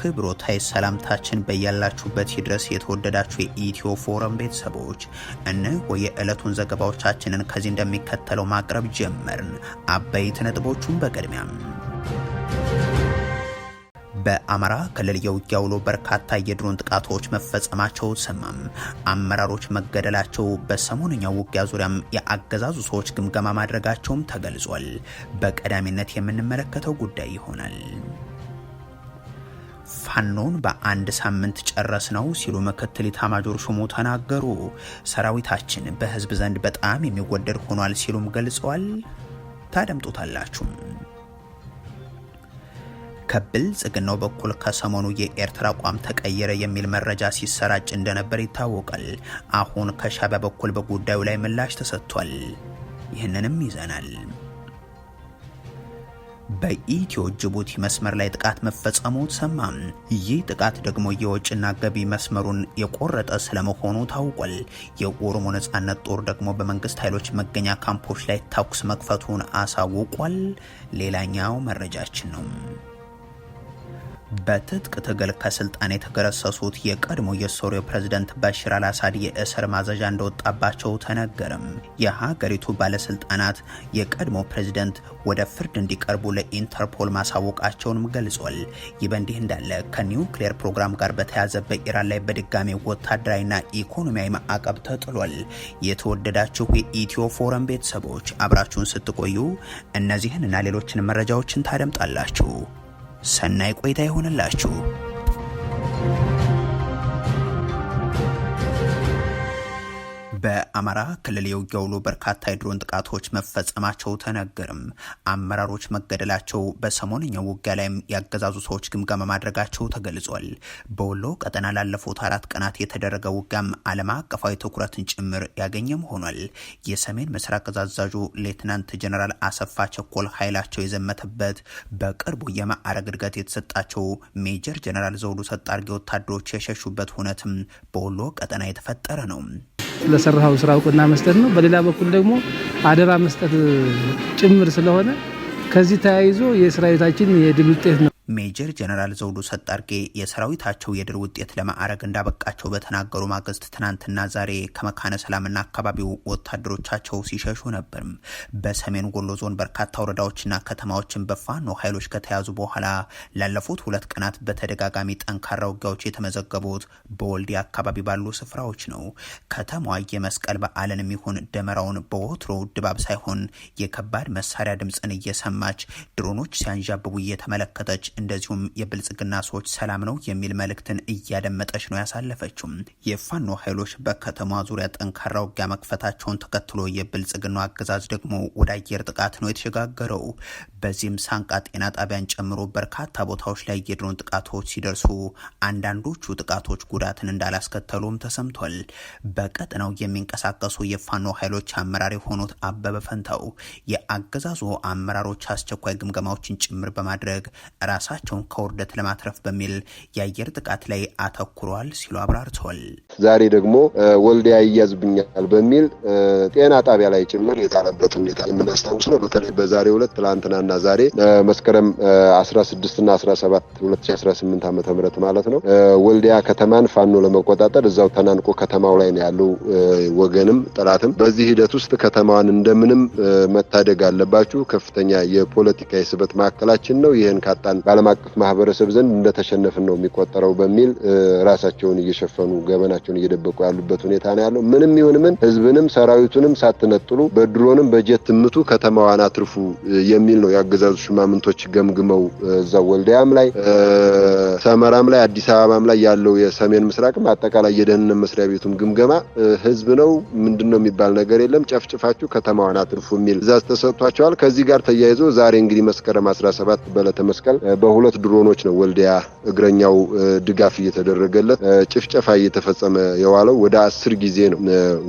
ክብሮታይ ሰላምታችን በያላችሁበት ይድረስ። የተወደዳችሁ የኢትዮ ፎረም ቤተሰቦች እነሆ የዕለቱን ዘገባዎቻችንን ከዚህ እንደሚከተለው ማቅረብ ጀመርን። አበይት ነጥቦቹን በቅድሚያም በአማራ ክልል የውጊያ ውሎ በርካታ የድሮን ጥቃቶች መፈጸማቸው ሰማም፣ አመራሮች መገደላቸው፣ በሰሞነኛው ውጊያ ዙሪያም የአገዛዙ ሰዎች ግምገማ ማድረጋቸውም ተገልጿል። በቀዳሚነት የምንመለከተው ጉዳይ ይሆናል። ፋኖን በአንድ ሳምንት ጨረስ ነው ሲሉ ምክትል ኢታማጆር ሹሙ ተናገሩ። ሰራዊታችን በህዝብ ዘንድ በጣም የሚወደድ ሆኗል ሲሉም ገልጸዋል። ታደምጡታላችሁም። ከብልጽግናው በኩል ከሰሞኑ የኤርትራ አቋም ተቀየረ የሚል መረጃ ሲሰራጭ እንደነበር ይታወቃል። አሁን ከሻዕቢያ በኩል በጉዳዩ ላይ ምላሽ ተሰጥቷል። ይህንንም ይዘናል። በኢትዮ ጅቡቲ መስመር ላይ ጥቃት መፈጸሙ ተሰማ። ይህ ጥቃት ደግሞ የወጭና ገቢ መስመሩን የቆረጠ ስለመሆኑ ታውቋል። የኦሮሞ ነጻነት ጦር ደግሞ በመንግስት ኃይሎች መገኛ ካምፖች ላይ ተኩስ መክፈቱን አሳውቋል። ሌላኛው መረጃችን ነው። በትጥቅ ትግል ከስልጣን የተገረሰሱት የቀድሞ የሶሪያ ፕሬዝደንት ባሽር አልአሳድ የእስር ማዘዣ እንደወጣባቸው ተነገርም። የሀገሪቱ ባለስልጣናት የቀድሞ ፕሬዝደንት ወደ ፍርድ እንዲቀርቡ ለኢንተርፖል ማሳወቃቸውንም ገልጿል። ይህ በእንዲህ እንዳለ ከኒውክሌር ፕሮግራም ጋር በተያያዘ በኢራን ላይ በድጋሚ ወታደራዊና ኢኮኖሚያዊ ማዕቀብ ተጥሏል። የተወደዳችሁ የኢትዮ ፎረም ቤተሰቦች አብራችሁን ስትቆዩ እነዚህን እና ሌሎችን መረጃዎችን ታደምጣላችሁ። ሰናይ ቆይታ ይሆንላችሁ። በአማራ ክልል የውጊያ ውሎ በርካታ የድሮን ጥቃቶች መፈጸማቸው ተነገርም። አመራሮች መገደላቸው በሰሞንኛው ውጊያ ላይም ያገዛዙ ሰዎች ግምገማ ማድረጋቸው ተገልጿል። በወሎ ቀጠና ላለፉት አራት ቀናት የተደረገ ውጊያም ዓለም አቀፋዊ ትኩረትን ጭምር ያገኘም ሆኗል። የሰሜን ምስራቅ እዝ አዛዡ ሌትናንት ጀነራል አሰፋ ቸኮል ኃይላቸው የዘመተበት በቅርቡ የማዕረግ እድገት የተሰጣቸው ሜጀር ጀነራል ዘውዱ ሰጣርጌ ወታደሮች የሸሹበት ሁነትም በወሎ ቀጠና የተፈጠረ ነው። ለሰራው ስራ እውቅና መስጠት ነው። በሌላ በኩል ደግሞ አደራ መስጠት ጭምር ስለሆነ ከዚህ ተያይዞ የሰራዊታችን የድል ውጤት ነው። ሜጀር ጀነራል ዘውዱ ሰጣርጌ የሰራዊታቸው የድል ውጤት ለማዕረግ እንዳበቃቸው በተናገሩ ማግስት ትናንትና ዛሬ ከመካነ ሰላምና አካባቢው ወታደሮቻቸው ሲሸሹ ነበርም። በሰሜን ጎሎ ዞን በርካታ ወረዳዎችና ከተማዎችን በፋኖ ኃይሎች ከተያዙ በኋላ ላለፉት ሁለት ቀናት በተደጋጋሚ ጠንካራ ውጊያዎች የተመዘገቡት በወልዲ አካባቢ ባሉ ስፍራዎች ነው። ከተማዋ የመስቀል በዓልን የሚሆን ደመራውን በወትሮ ድባብ ሳይሆን የከባድ መሳሪያ ድምፅን እየሰማች ድሮኖች ሲያንዣብቡ እየተመለከተች እንደዚሁም የብልጽግና ሰዎች ሰላም ነው የሚል መልእክትን እያደመጠች ነው ያሳለፈችው። የፋኖ ኃይሎች በከተማ ዙሪያ ጠንካራ ውጊያ መክፈታቸውን ተከትሎ የብልጽግናው አገዛዝ ደግሞ ወደ አየር ጥቃት ነው የተሸጋገረው። በዚህም ሳንቃ ጤና ጣቢያን ጨምሮ በርካታ ቦታዎች ላይ የድሮን ጥቃቶች ሲደርሱ አንዳንዶቹ ጥቃቶች ጉዳትን እንዳላስከተሉም ተሰምቷል። በቀጠናው የሚንቀሳቀሱ የፋኖ ኃይሎች አመራር የሆኑት አበበ ፈንታው የአገዛዙ አመራሮች አስቸኳይ ግምገማዎችን ጭምር በማድረግ ራስ ራሳቸውን ከውርደት ለማትረፍ በሚል የአየር ጥቃት ላይ አተኩሯል ሲሉ አብራርተዋል። ዛሬ ደግሞ ወልዲያ ይያዝብኛል በሚል ጤና ጣቢያ ላይ ጭምር የጣለበት ሁኔታ የምናስታውስ ነው። በተለይ በዛሬ ዕለት ትላንትናና ዛሬ መስከረም 16ና 17 2018 ዓ ም ማለት ነው ወልዲያ ከተማን ፋኖ ለመቆጣጠር እዛው ተናንቆ ከተማው ላይ ነው ያለው ወገንም ጠላትም። በዚህ ሂደት ውስጥ ከተማዋን እንደምንም መታደግ አለባችሁ። ከፍተኛ የፖለቲካ የስበት ማዕከላችን ነው። ይህን ካጣን በዓለም አቀፍ ማህበረሰብ ዘንድ እንደተሸነፍን ነው የሚቆጠረው በሚል ራሳቸውን እየሸፈኑ ገበናቸውን እየደበቁ ያሉበት ሁኔታ ነው ያለው። ምንም ይሁን ምን ህዝብንም ሰራዊቱንም ሳትነጥሉ በድሮንም በጀት ትምቱ ከተማዋን አትርፉ የሚል ነው የአገዛዙ ሽማምንቶች ገምግመው እዛ ወልዲያም ላይ ሰመራም ላይ አዲስ አበባም ላይ ያለው የሰሜን ምስራቅም አጠቃላይ የደህንነት መስሪያ ቤቱም ግምገማ ህዝብ ነው ምንድን ነው የሚባል ነገር የለም፣ ጨፍጭፋችሁ ከተማዋን አትርፉ የሚል ትእዛዝ ተሰጥቷቸዋል። ከዚህ ጋር ተያይዞ ዛሬ እንግዲህ መስከረም 17 በለተ መስቀል በሁለት ድሮኖች ነው ወልዲያ እግረኛው ድጋፍ እየተደረገለት ጭፍጨፋ እየተፈጸመ የዋለው። ወደ አስር ጊዜ ነው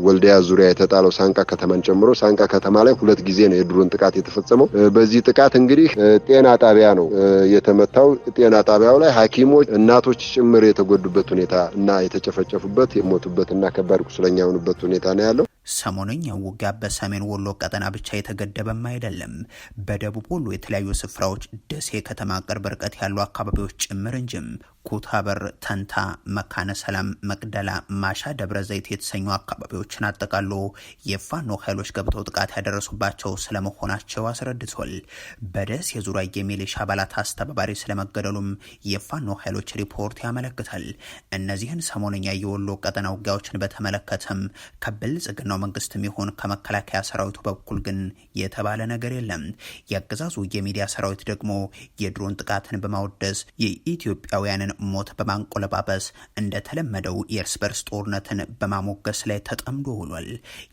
ወልዲያ ዙሪያ የተጣለው ሳንቃ ከተማን ጨምሮ ሳንቃ ከተማ ላይ ሁለት ጊዜ ነው የድሮን ጥቃት የተፈጸመው። በዚህ ጥቃት እንግዲህ ጤና ጣቢያ ነው የተመታው። ጤና ጣቢያው ላይ ሐኪሞች እናቶች ጭምር የተጎዱበት ሁኔታ እና የተጨፈጨፉበት የሞቱበት እና ከባድ ቁስለኛ የሆኑበት ሁኔታ ነው ያለው። ሰሞነኛው ውጊያ በሰሜን ወሎ ቀጠና ብቻ የተገደበም አይደለም። በደቡብ ወሎ የተለያዩ ስፍራዎች፣ ደሴ ከተማ ቅርብ ርቀት ያሉ አካባቢዎች ጭምር እንጂም ኩታበር፣ ተንታ፣ መካነ ሰላም፣ መቅደላ፣ ማሻ፣ ደብረ ዘይት የተሰኙ አካባቢዎችን አጠቃሎ የፋኖ ኃይሎች ገብተው ጥቃት ያደረሱባቸው ስለመሆናቸው አስረድቷል። በደስ የዙሪያ የሚሊሻ አባላት አስተባባሪ ስለመገደሉም የፋኖ ኃይሎች ሪፖርት ያመለክታል። እነዚህን ሰሞነኛ የወሎ ቀጠና ውጊያዎችን በተመለከተም ከብልጽግናው መንግስትም ይሁን ከመከላከያ ሰራዊቱ በኩል ግን የተባለ ነገር የለም። የአገዛዙ የሚዲያ ሰራዊት ደግሞ የድሮን ጥቃትን በማወደስ የኢትዮጵያውያንን ሞት በማንቆለባበስ እንደተለመደው የእርስ በርስ ጦርነትን በማሞገስ ላይ ተጠምዶ ውሏል።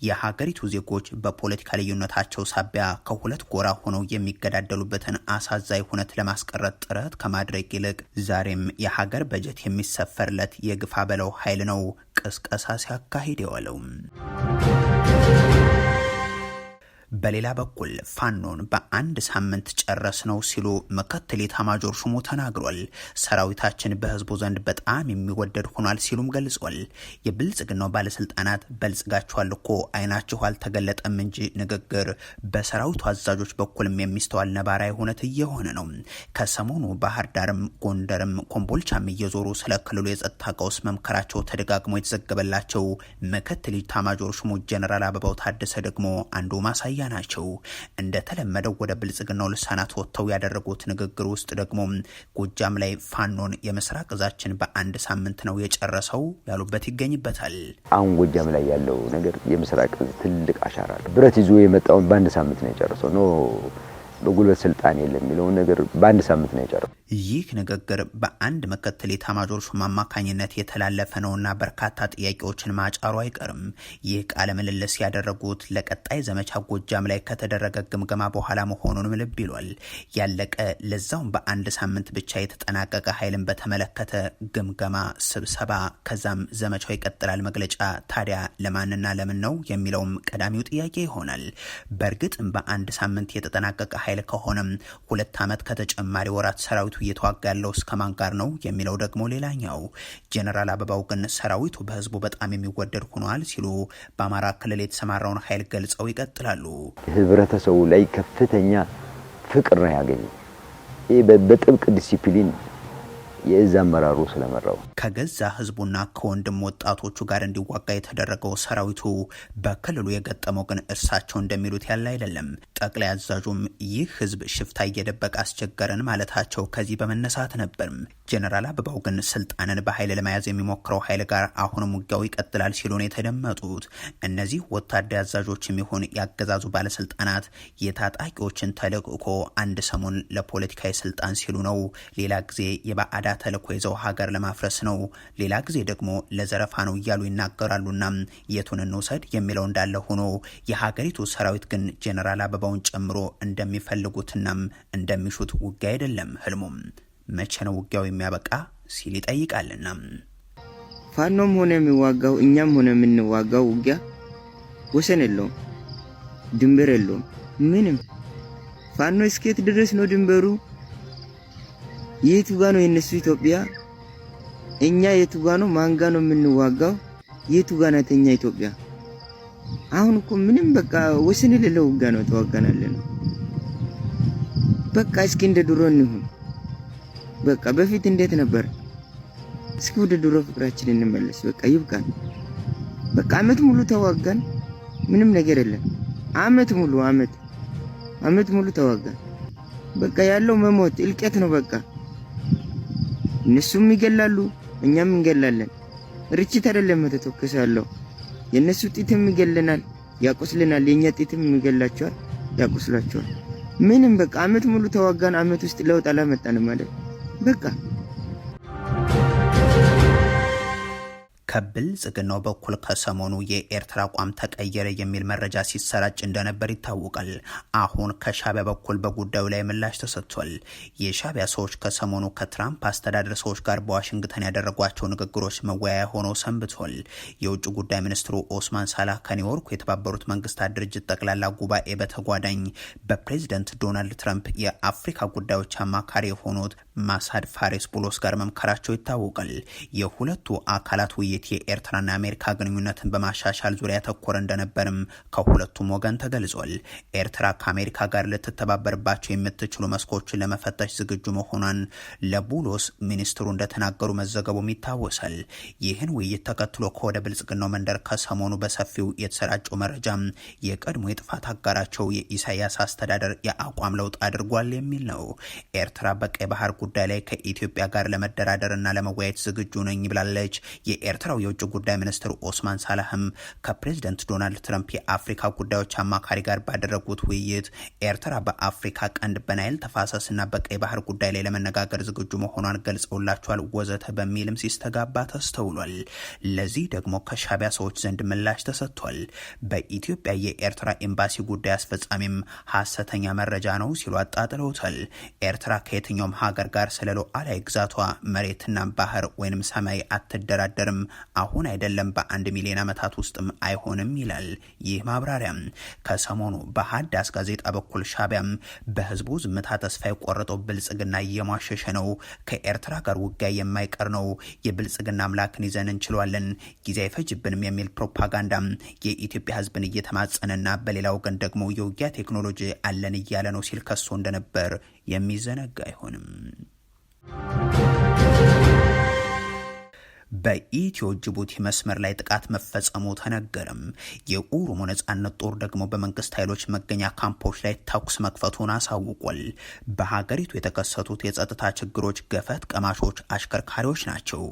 የሀገሪቱ ዜጎች በፖለቲካ ልዩነታቸው ሳቢያ ከሁለት ጎራ ሆነው የሚገዳደሉበትን አሳዛኝ ሁነት ለማስቀረት ጥረት ከማድረግ ይልቅ ዛሬም የሀገር በጀት የሚሰፈርለት የግፋ በለው ኃይል ነው ቅስቀሳ ሲያካሂድ የዋለው። በሌላ በኩል ፋኖን በአንድ ሳምንት ጨረስ ነው ሲሉ ምክትል ኤታማዦር ሹሙ ተናግሯል። ሰራዊታችን በህዝቡ ዘንድ በጣም የሚወደድ ሆኗል ሲሉም ገልጿል። የብልጽግናው ባለስልጣናት በልጽጋችኋል እኮ አይናችሁ አልተገለጠም እንጂ ንግግር በሰራዊቱ አዛዦች በኩልም የሚስተዋል ነባራዊ ሁነት እየሆነ ነው። ከሰሞኑ ባህር ዳርም ጎንደርም ኮምቦልቻም እየዞሩ ስለ ክልሉ የጸጥታ ቀውስ መምከራቸው ተደጋግሞ የተዘገበላቸው ምክትል ኤታማዦር ሹሙ ጀነራል አበባው ታደሰ ደግሞ አንዱ ማሳያ ናቸው። እንደተለመደው ወደ ብልጽግናው ልሳናት ወጥተው ያደረጉት ንግግር ውስጥ ደግሞ ጎጃም ላይ ፋኖን የምስራቅ እዛችን በአንድ ሳምንት ነው የጨረሰው ያሉበት ይገኝበታል። አሁን ጎጃም ላይ ያለው ነገር የምስራቅ እዝ ትልቅ አሻራ ብረት ይዞ የመጣውን በአንድ ሳምንት ነው የጨረሰው። በጉልበት ስልጣን የለም የሚለውን ነገር በአንድ ሳምንት ነው የጨረው። ይህ ንግግር በአንድ ምክትል ኤታማዦር ሹም አማካኝነት የተላለፈ ነውና በርካታ ጥያቄዎችን ማጫሩ አይቀርም። ይህ ቃለ ምልልስ ያደረጉት ለቀጣይ ዘመቻ ጎጃም ላይ ከተደረገ ግምገማ በኋላ መሆኑንም ልብ ይሏል። ያለቀ ለዛውም በአንድ ሳምንት ብቻ የተጠናቀቀ ኃይልን በተመለከተ ግምገማ ስብሰባ፣ ከዛም ዘመቻው ይቀጥላል መግለጫ። ታዲያ ለማንና ለምን ነው የሚለውም ቀዳሚው ጥያቄ ይሆናል። በእርግጥም በአንድ ሳምንት የተጠናቀቀ ኃይል ከሆነም ሁለት ዓመት ከተጨማሪ ወራት ሰራዊቱ እየተዋጋ ያለው እስከማን ጋር ነው የሚለው ደግሞ ሌላኛው። ጀነራል አበባው ግን ሰራዊቱ በህዝቡ በጣም የሚወደድ ሆኗል ሲሉ በአማራ ክልል የተሰማራውን ኃይል ገልጸው ይቀጥላሉ። ህብረተሰቡ ላይ ከፍተኛ ፍቅር ነው ያገኘ። ይህ በጥብቅ ዲሲፕሊን የእዝ አመራሩ ስለመራው ከገዛ ህዝቡና ከወንድም ወጣቶቹ ጋር እንዲዋጋ የተደረገው ሰራዊቱ በክልሉ የገጠመው ግን እርሳቸው እንደሚሉት ያለ አይደለም። ጠቅላይ አዛዡም ይህ ህዝብ ሽፍታ እየደበቀ አስቸገረን ማለታቸው ከዚህ በመነሳት ነበር። ጀነራል አበባው ግን ስልጣንን በኃይል ለመያዝ የሚሞክረው ኃይል ጋር አሁንም ውጊያው ይቀጥላል ሲሉ ነው የተደመጡት። እነዚህ ወታደር አዛዦች የሚሆን ያገዛዙ ባለስልጣናት የታጣቂዎችን ተልእኮ አንድ ሰሞን ለፖለቲካዊ ስልጣን ሲሉ ነው፣ ሌላ ጊዜ የባዕዳ ተልእኮ ይዘው ሀገር ለማፍረስ ነው፣ ሌላ ጊዜ ደግሞ ለዘረፋ ነው እያሉ ይናገራሉና የቱን እንውሰድ የሚለው እንዳለ ሆኖ የሀገሪቱ ሰራዊት ግን ጀኔራል አበባውን ጨምሮ እንደሚፈልጉትና እንደሚሹት ውጊያ አይደለም ህልሙም። መቼ ነው ውጊያው የሚያበቃ ሲል ይጠይቃልና ፋኖም ሆነ የሚዋጋው እኛም ሆነ የምንዋጋው ውጊያ ወሰን የለውም፣ ድንበር የለውም። ምንም ፋኖ እስከየት ድረስ ነው ድንበሩ? የቱ ጋ ነው የነሱ ኢትዮጵያ? እኛ የቱጋ ነው ማንጋ ነው የምንዋጋው? የቱጋ ናት እኛ ኢትዮጵያ? አሁን እኮ ምንም በቃ ወስን የሌለው ውጋ ነው ተዋጋናለ ነው። በቃ እስኪ እንደ ድሮ እንሁን። በቃ በፊት እንዴት ነበር? እስኪ ወደ ድሮ ፍቅራችን እንመለስ። በቃ ይብቃን። በቃ አመት ሙሉ ተዋጋን፣ ምንም ነገር የለም። አመት ሙሉ አመት አመት ሙሉ ተዋጋን። በቃ ያለው መሞት እልቄት ነው። በቃ እነሱም ይገላሉ እኛም እንገላለን። ርችት አይደለም ተተኩሶ ያለው የእነሱ ጢትም ይገለናል፣ ያቆስልናል። የእኛ ጢትም ይገላቸዋል፣ ያቆስላቸዋል። ምንም በቃ አመት ሙሉ ተዋጋን። አመት ውስጥ ለውጥ አላመጣንም ማለት በቃ ከብልጽግናው በኩል ከሰሞኑ የኤርትራ አቋም ተቀየረ የሚል መረጃ ሲሰራጭ እንደነበር ይታወቃል። አሁን ከሻቢያ በኩል በጉዳዩ ላይ ምላሽ ተሰጥቷል። የሻቢያ ሰዎች ከሰሞኑ ከትራምፕ አስተዳደር ሰዎች ጋር በዋሽንግተን ያደረጓቸው ንግግሮች መወያያ ሆነው ሰንብቷል። የውጭ ጉዳይ ሚኒስትሩ ኦስማን ሳላህ ከኒውዮርኩ የተባበሩት መንግስታት ድርጅት ጠቅላላ ጉባኤ በተጓዳኝ በፕሬዚደንት ዶናልድ ትራምፕ የአፍሪካ ጉዳዮች አማካሪ የሆኑት ማሳድ ፋሬስ ቡሎስ ጋር መምከራቸው ይታወቃል። የሁለቱ አካላት ውይይት የኤርትራና የአሜሪካ ግንኙነትን በማሻሻል ዙሪያ ያተኮረ እንደነበርም ከሁለቱም ወገን ተገልጿል። ኤርትራ ከአሜሪካ ጋር ልትተባበርባቸው የምትችሉ መስኮችን ለመፈተሽ ዝግጁ መሆኗን ለቡሎስ ሚኒስትሩ እንደተናገሩ መዘገቡም ይታወሳል። ይህን ውይይት ተከትሎ ከወደ ብልጽግናው መንደር ከሰሞኑ በሰፊው የተሰራጨው መረጃም የቀድሞ የጥፋት አጋራቸው የኢሳያስ አስተዳደር የአቋም ለውጥ አድርጓል የሚል ነው። ኤርትራ በቀይ ባህር ጉዳይ ላይ ከኢትዮጵያ ጋር ለመደራደር እና ለመወያየት ዝግጁ ነኝ ብላለች። የኤርትራ የኤርትራው የውጭ ጉዳይ ሚኒስትር ኦስማን ሳላህም ከፕሬዚደንት ዶናልድ ትራምፕ የአፍሪካ ጉዳዮች አማካሪ ጋር ባደረጉት ውይይት ኤርትራ በአፍሪካ ቀንድ በናይል ተፋሰስና በቀይ ባህር ጉዳይ ላይ ለመነጋገር ዝግጁ መሆኗን ገልጸውላቸዋል ወዘተ በሚልም ሲስተጋባ ተስተውሏል። ለዚህ ደግሞ ከሻቢያ ሰዎች ዘንድ ምላሽ ተሰጥቷል። በኢትዮጵያ የኤርትራ ኤምባሲ ጉዳይ አስፈጻሚም ሀሰተኛ መረጃ ነው ሲሉ አጣጥለውታል። ኤርትራ ከየትኛውም ሀገር ጋር ስለ ሉዓላዊ ግዛቷ መሬትና ባህር ወይንም ሰማይ አትደራደርም፣ አሁን አይደለም በአንድ ሚሊዮን ዓመታት ውስጥም አይሆንም ይላል ይህ ማብራሪያም። ከሰሞኑ በሀዳስ ጋዜጣ በኩል ሻቢያም በህዝቡ ዝምታ ተስፋ የቆረጠው ብልጽግና እየሟሸሸ ነው፣ ከኤርትራ ጋር ውጊያ የማይቀር ነው፣ የብልጽግና አምላክን ይዘን እንችለዋለን፣ ጊዜ አይፈጅብንም የሚል ፕሮፓጋንዳ የኢትዮጵያ ህዝብን እየተማጸነና በሌላ ወገን ደግሞ የውጊያ ቴክኖሎጂ አለን እያለ ነው ሲል ከሶ እንደነበር የሚዘነጋ አይሆንም። በኢትዮ ጅቡቲ መስመር ላይ ጥቃት መፈጸሙ ተነገረም። የኦሮሞ ነጻነት ጦር ደግሞ በመንግስት ኃይሎች መገኛ ካምፖች ላይ ተኩስ መክፈቱን አሳውቋል። በሀገሪቱ የተከሰቱት የጸጥታ ችግሮች ገፈት ቀማሾች አሽከርካሪዎች ናቸው።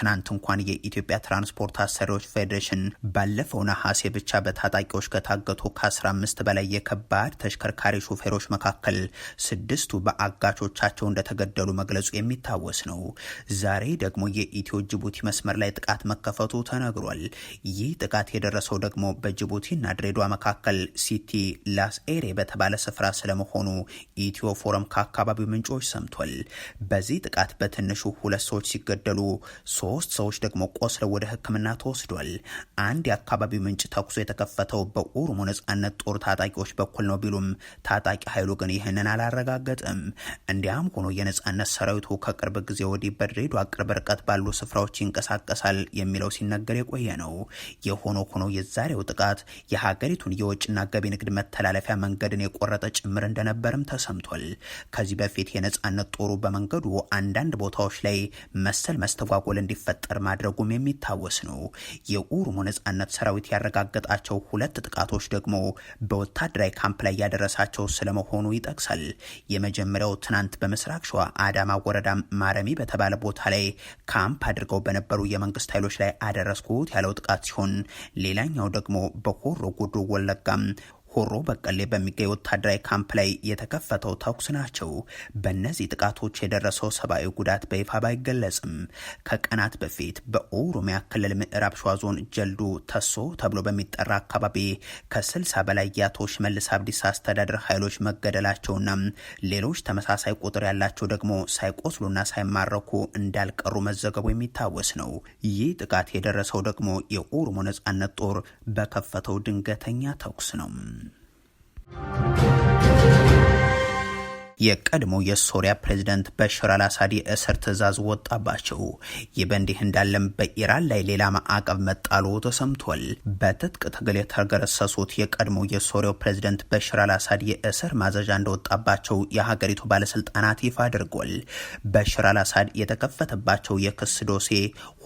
ትናንት እንኳን የኢትዮጵያ ትራንስፖርት አሰሪዎች ፌዴሬሽን ባለፈው ነሐሴ ብቻ በታጣቂዎች ከታገቱ ከ15 በላይ የከባድ ተሽከርካሪ ሾፌሮች መካከል ስድስቱ በአጋቾቻቸው እንደተገደሉ መግለጹ የሚታወስ ነው። ዛሬ ደግሞ የኢትዮ ጅቡቲ መስመር ላይ ጥቃት መከፈቱ ተነግሯል። ይህ ጥቃት የደረሰው ደግሞ በጅቡቲና ድሬዷ መካከል ሲቲ ላስ ኤሬ በተባለ ስፍራ ስለመሆኑ ኢትዮ ፎረም ከአካባቢው ምንጮች ሰምቷል። በዚህ ጥቃት በትንሹ ሁለት ሰዎች ሲገደሉ ሶስት ሰዎች ደግሞ ቆስለው ወደ ሕክምና ተወስዷል። አንድ የአካባቢው ምንጭ ተኩሶ የተከፈተው በኦሮሞ ነጻነት ጦር ታጣቂዎች በኩል ነው ቢሉም ታጣቂ ኃይሉ ግን ይህንን አላረጋገጥም። እንዲያም ሆኖ የነጻነት ሰራዊቱ ከቅርብ ጊዜ ወዲህ በድሬዷ ቅርብ ርቀት ባሉ ስፍራዎች ይንቀሳ ይንቀሳቀሳል የሚለው ሲነገር የቆየ ነው። የሆኖ ሆኖ የዛሬው ጥቃት የሀገሪቱን የውጭና ገቢ ንግድ መተላለፊያ መንገድን የቆረጠ ጭምር እንደነበርም ተሰምቷል። ከዚህ በፊት የነጻነት ጦሩ በመንገዱ አንዳንድ ቦታዎች ላይ መሰል መስተጓጎል እንዲፈጠር ማድረጉም የሚታወስ ነው። የኦሮሞ ነጻነት ሰራዊት ያረጋገጣቸው ሁለት ጥቃቶች ደግሞ በወታደራዊ ካምፕ ላይ ያደረሳቸው ስለመሆኑ ይጠቅሳል። የመጀመሪያው ትናንት በምስራቅ ሸዋ አዳማ ወረዳ ማረሚ በተባለ ቦታ ላይ ካምፕ አድርገው በነበሩ በነበሩ የመንግስት ኃይሎች ላይ አደረስኩት ያለው ጥቃት ሲሆን ሌላኛው ደግሞ በሆሮ ጉዱሩ ወለጋም ሆሮ በቀሌ በሚገኝ ወታደራዊ ካምፕ ላይ የተከፈተው ተኩስ ናቸው። በእነዚህ ጥቃቶች የደረሰው ሰብአዊ ጉዳት በይፋ ባይገለጽም ከቀናት በፊት በኦሮሚያ ክልል ምዕራብ ሸዋ ዞን ጀልዱ ተሶ ተብሎ በሚጠራ አካባቢ ከስልሳ በላይ የአቶ ሽመልስ አብዲሳ አስተዳደር ኃይሎች መገደላቸውና ሌሎች ተመሳሳይ ቁጥር ያላቸው ደግሞ ሳይቆስሉና ሳይማረኩ እንዳልቀሩ መዘገቡ የሚታወስ ነው። ይህ ጥቃት የደረሰው ደግሞ የኦሮሞ ነጻነት ጦር በከፈተው ድንገተኛ ተኩስ ነው። የቀድሞ የሶሪያ ፕሬዝደንት በሽር አልአሳድ የእስር ትዕዛዝ ወጣባቸው። ይህ በእንዲህ እንዳለም በኢራን ላይ ሌላ ማዕቀብ መጣሉ ተሰምቷል። በትጥቅ ትግል የተገረሰሱት የቀድሞ የሶሪያው ፕሬዝደንት በሽር አልአሳድ የእስር ማዘዣ እንደወጣባቸው የሀገሪቱ ባለስልጣናት ይፋ አድርጓል። በሽር አልአሳድ የተከፈተባቸው የክስ ዶሴ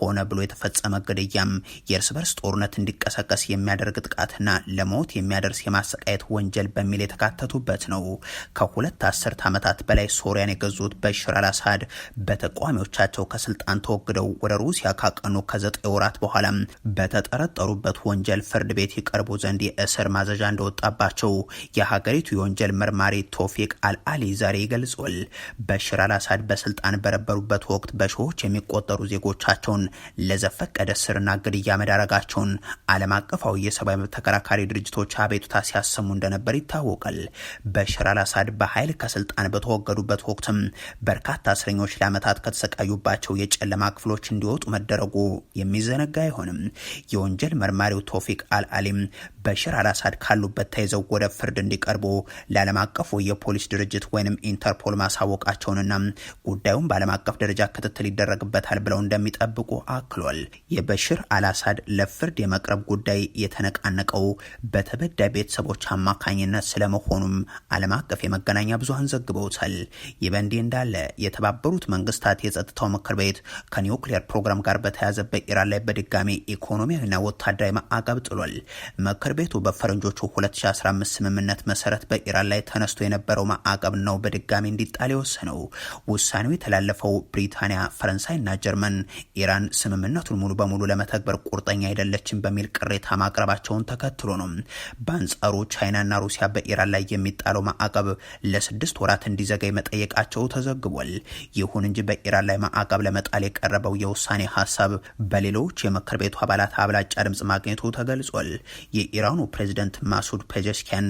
ሆነ ብሎ የተፈጸመ ግድያም የእርስ በርስ ጦርነት እንዲቀሰቀስ የሚያደርግ ጥቃትና ለሞት የሚያደርስ የማሰቃየት ወንጀል በሚል የተካተቱበት ነው። ከሁለት አስርት ዓመታት በላይ ሶሪያን የገዙት በሽር አልአሳድ በተቃዋሚዎቻቸው ከስልጣን ተወግደው ወደ ሩሲያ ካቀኑ ከዘጠኝ ወራት በኋላ በተጠረጠሩበት ወንጀል ፍርድ ቤት ይቀርቡ ዘንድ የእስር ማዘዣ እንደወጣባቸው የሀገሪቱ የወንጀል መርማሪ ቶፊቅ አልአሊ ዛሬ ይገልጿል። በሽር አልአሳድ በስልጣን በረበሩበት ወቅት በሺዎች የሚቆጠሩ ዜጎቻቸውን ለዘፈቀደ ስርና ግድያ መዳረጋቸውን ዓለም አቀፋዊ የሰብአዊ መብት ተከራካሪ ድርጅቶች አቤቱታ ሲያሰሙ እንደነበር ይታወቃል። በሽር አልአሳድ በኃይል ከስልጣን በተወገዱበት ወቅትም በርካታ እስረኞች ለዓመታት ከተሰቃዩባቸው የጨለማ ክፍሎች እንዲወጡ መደረጉ የሚዘነጋ አይሆንም። የወንጀል መርማሪው ቶፊቅ አልአሊም በሽር አላሳድ ካሉበት ተይዘው ወደ ፍርድ እንዲቀርቡ ለዓለም አቀፉ የፖሊስ ድርጅት ወይም ኢንተርፖል ማሳወቃቸውንና ጉዳዩን በዓለም አቀፍ ደረጃ ክትትል ይደረግበታል ብለው እንደሚጠብቁ አክሏል። የበሽር አላሳድ ለፍርድ የመቅረብ ጉዳይ የተነቃነቀው በተበዳይ ቤተሰቦች አማካኝነት ስለመሆኑም ዓለም አቀፍ የመገናኛ ብዙሃን ዘግበውታል። ይህ በእንዲህ እንዳለ የተባበሩት መንግስታት የጸጥታው ምክር ቤት ከኒውክሌር ፕሮግራም ጋር በተያያዘ በኢራን ላይ በድጋሚ ኢኮኖሚያዊና ወታደራዊ ማዕቀብ ጥሏል። ምክር ቤቱ በፈረንጆቹ 2015 ስምምነት መሰረት በኢራን ላይ ተነስቶ የነበረው ማዕቀብ ነው በድጋሚ እንዲጣል የወሰነው። ውሳኔው የተላለፈው ብሪታንያ፣ ፈረንሳይና ጀርመን ኢራን ኢራን ስምምነቱን ሙሉ በሙሉ ለመተግበር ቁርጠኛ አይደለችም በሚል ቅሬታ ማቅረባቸውን ተከትሎ ነው። በአንጻሩ ቻይናና ሩሲያ በኢራን ላይ የሚጣለው ማዕቀብ ለስድስት ወራት እንዲዘገይ መጠየቃቸው ተዘግቧል። ይሁን እንጂ በኢራን ላይ ማዕቀብ ለመጣል የቀረበው የውሳኔ ሀሳብ በሌሎች የምክር ቤቱ አባላት አብላጫ ድምጽ ማግኘቱ ተገልጿል። የኢራኑ ፕሬዝደንት ማሱድ ፔጀስኪያን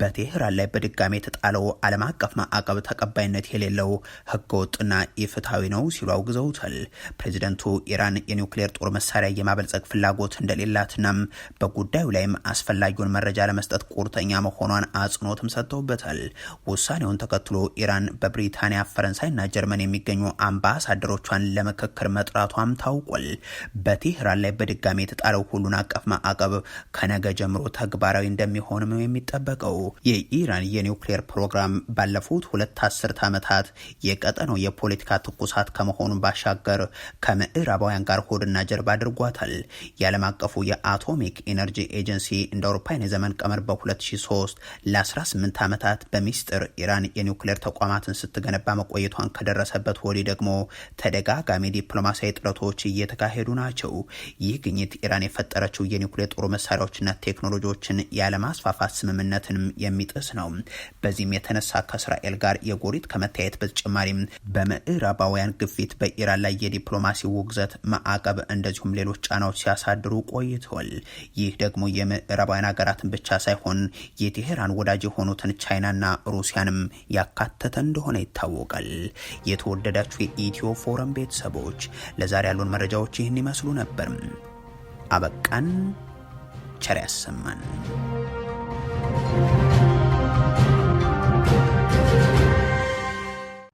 በቴህራን ላይ በድጋሚ የተጣለው ዓለም አቀፍ ማዕቀብ ተቀባይነት የሌለው ህገወጥና ኢፍትሐዊ ነው ሲሉ አውግዘውታል። ፕሬዚደንቱ ኢራን የኒውክሌር ጦር መሳሪያ የማበልጸግ ፍላጎት እንደሌላትና በጉዳዩ ላይም አስፈላጊውን መረጃ ለመስጠት ቁርጠኛ መሆኗን አጽንኦትም ሰጥተውበታል። ውሳኔውን ተከትሎ ኢራን በብሪታንያ ፈረንሳይና ጀርመን የሚገኙ አምባሳደሮቿን ለምክክር መጥራቷም ታውቋል። በቴህራን ላይ በድጋሚ የተጣለው ሁሉን አቀፍ ማዕቀብ ከነገ ጀምሮ ተግባራዊ እንደሚሆንም የሚጠበቀው። የኢራን የኒውክሌር ፕሮግራም ባለፉት ሁለት አስርት ዓመታት የቀጠነው የፖለቲካ ትኩሳት ከመሆኑ ባሻገር ከምዕራባ ከምዕራባውያን ጋር ሆድና ጀርባ አድርጓታል። የዓለም አቀፉ የአቶሚክ ኢነርጂ ኤጀንሲ እንደ አውሮፓውያን የዘመን ቀመር በ2003 ለ18 ዓመታት በሚስጥር ኢራን የኒውክሌር ተቋማትን ስትገነባ መቆየቷን ከደረሰበት ወዲህ ደግሞ ተደጋጋሚ ዲፕሎማሲያዊ ጥረቶች እየተካሄዱ ናቸው። ይህ ግኝት ኢራን የፈጠረችው የኒውክሌር ጦር መሳሪያዎችና ቴክኖሎጂዎችን ያለማስፋፋት ስምምነትንም የሚጥስ ነው። በዚህም የተነሳ ከእስራኤል ጋር የጎሪት ከመታየት በተጨማሪም በምዕራባውያን ግፊት በኢራን ላይ የዲፕሎማሲ ውግዘት ማዕቀብ፣ እንደዚሁም ሌሎች ጫናዎች ሲያሳድሩ ቆይተዋል። ይህ ደግሞ የምዕራባውያን ሀገራትን ብቻ ሳይሆን የቴሄራን ወዳጅ የሆኑትን ቻይናና ሩሲያንም ያካተተ እንደሆነ ይታወቃል። የተወደዳችሁ የኢትዮ ፎረም ቤተሰቦች ለዛሬ ያሉን መረጃዎች ይህን ይመስሉ ነበር። አበቃን። ቸር ያሰማን።